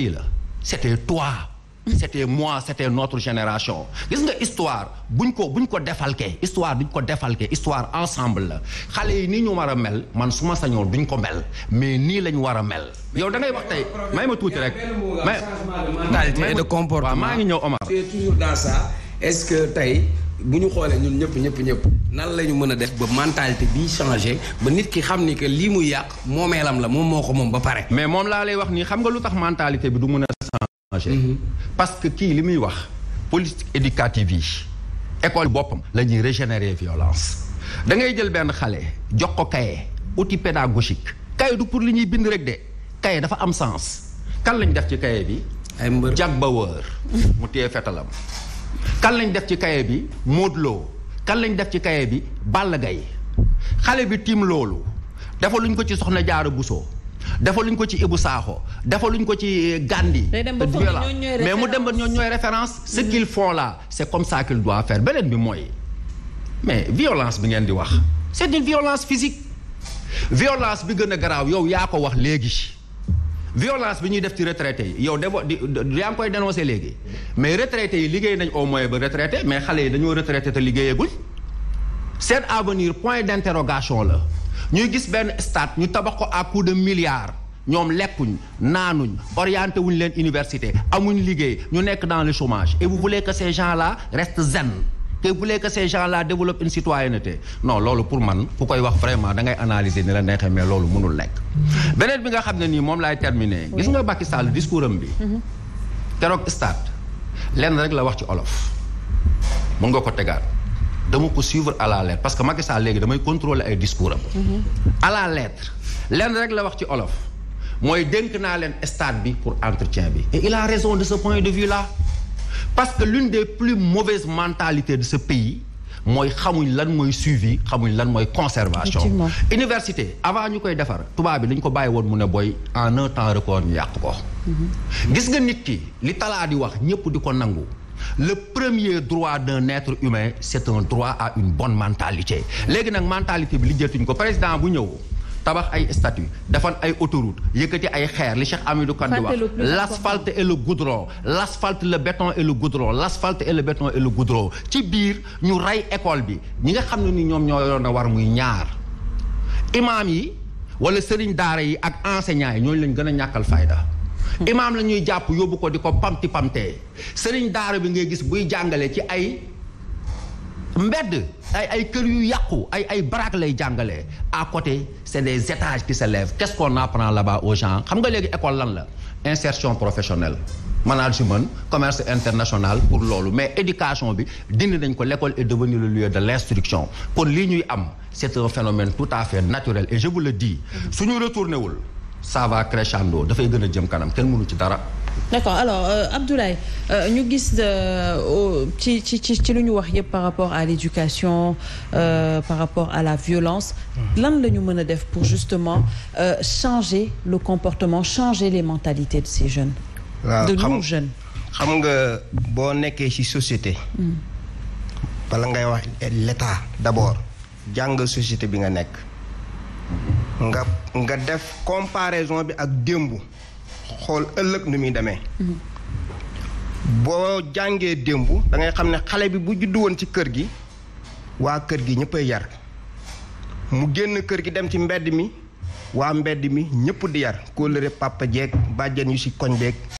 lii la c'était toi c'était moi c'était notre génération gis nga histoire buñ ko buñ ko defalkee histoire duñ ko defalkee histoire ensemble la xale yi ni ñu war a mel man su ma sañoon duñ ko mel mais nii lañ war a mel yow da ngay wax tey may ma tuuti rek mais ma et de maa ngi ñëw Omar c'est est-ce que tey bu ñu xoolee ñun ñëpp ñëpp ñëpp nan la ñu mën a def ba mentalité bi changé ba nit ki xam ni que lii muy yàq moomeelam la moom moo ko moom ba pare. mais moom laa lay wax nii xam nga lu tax mentalité bi du mën a changé. Mhm. parce que kii li muy wax politique éducative yi école boppam la ñuy régénérer violence. da ngay jël benn xale jox ko kaye outil pédagogique kaye du pour li ñuy bind rek de kaye dafa am sens kan lañu def ci kaye bi. ay mbër jag ba wër mu téye fetalam kan lañ def ci kaye bi Modou kan lañ def ci kaye bi Balla gay xale bi tiim loolu dafa luñ ko ci soxna Jaara Buso dafa luñ ko ci Ibou Sakho dafa luñ ko ci eh, Gandhi mais mu dem ba ñoo ñooy référence ce mm-hmm. qu'ils font là c'est comme ça qu'il doit faire beneen bi mooy mais violence bi ngeen di wax c'est une violence physique violence bi gën a garaaw yow yaa ko wax léegi violence bi ñuy def ci retraité yi yow defoo di yaa ngi koy dénoncé léegi mais retraités yi liggéey nañ au moins ba retraité mais xale yi dañoo retraité te liggéeyaguñ seen avenir point d' interrogation la ñuy gis benn stade ñu tabax ko à coup de milliards ñoom lekkuñ naanuñ orienté wuñ leen université amuñ liggéey ñu nekk dans le chômage et vous voulez que ces gens la rest zen te voulez que ces la là développent une citoyenneté non loolu pour man ku koy wax vraiment dangay ngay analyser ni la neexee mais loolu mënul nekk beneen bi nga xam ne nii moom laay terminer gis nga Macky Sall discours am bi mhm. keroog stade lenn rek la wax ci olof mën nga ko tegaat dama ko suivre à la lettre parce que Macky Sall léegi damay contrôler ay discours am mhm. à la lettre lenn rek la wax ci olof mooy dënk naa leen stade bi pour entretien bi et il a raison de ce de vue là parce que l'une des plus mauvaises mentalités de ce pays mooy xamuñ lan mooy suivi xamuñ lan mooy conservation université avant ñu koy defar tubaab bi dañ ko bàyyi woon mu ne booy en un temps record ñu yàq ko mm-hmm. gis nga nit ki li talaa di wax ñëpp di ko nangu le premier droit d'un être humain c'est un droit à une bonne mentalité mm-hmm. léegi nag mentalité bi lijjatuñ ko président bu ñëw tabax ay statue defan ay autoroute yëkkati ay xeer li Cheikh Amidou Kane di wax l'asphalte et le goudron l'asphalte le béton et le goudron l'asphalte et le béton et le goudron ci biir ñu rey école bi ñi nga xam ne ni ñoom ñoo yoon war muy ñaar imaam yi wala sëriñ daara yi ak enseignants yi ñooñu lañ gën a ñàkkal fayda imaam la ñuy jàpp yóbbu ko di ko pamti pamtee sëriñ daara bi ngay gis buy jàngale ci ay mbedd ay ay kër yu yàqu ay ay baraak lay jàngalee à côté c'est des étages qui se lèvent qu'est-ce qu'on apprend là-bas aux gens xam nga léegi école lan la insertion professionnelle management commerce international pour loolu mais éducation bi dindi nañ ko l'école et devenue le lieu de l'instruction kon li ñuy am c'est un phénomène tout à fait naturel et je vous le dis mm-hmm. suñu retourné wul ça va crescendo dafay gën a jëm kanam kenn mënu ci dara. d'accord alors euh, euh ñu euh, gis ci ci ci ci lu ñu wax yëpp par rapport à l'éducation euh, par rapport à la violence mmh. lan la ñu mën a def pour justement euh, changer le comportement changer les mentalités de ces jeunes ah, de nous jeunes xam nga boo nekkee ci société mmh. bala ngay wax l'état d'abord jàng société bi nga nekk nga nga def comparaison bi ak démb xool ëllëg nu muy demee. boo jàngee démb da ngay xam ne xale bi bu juddu woon ci kër gi waa kër gi ñëppay yar mu génn kër gi dem ci mbedd mi waa mbedd mi ñëpp di yar kóllëre papa jeeg bàjjen yu ci koñ beeg.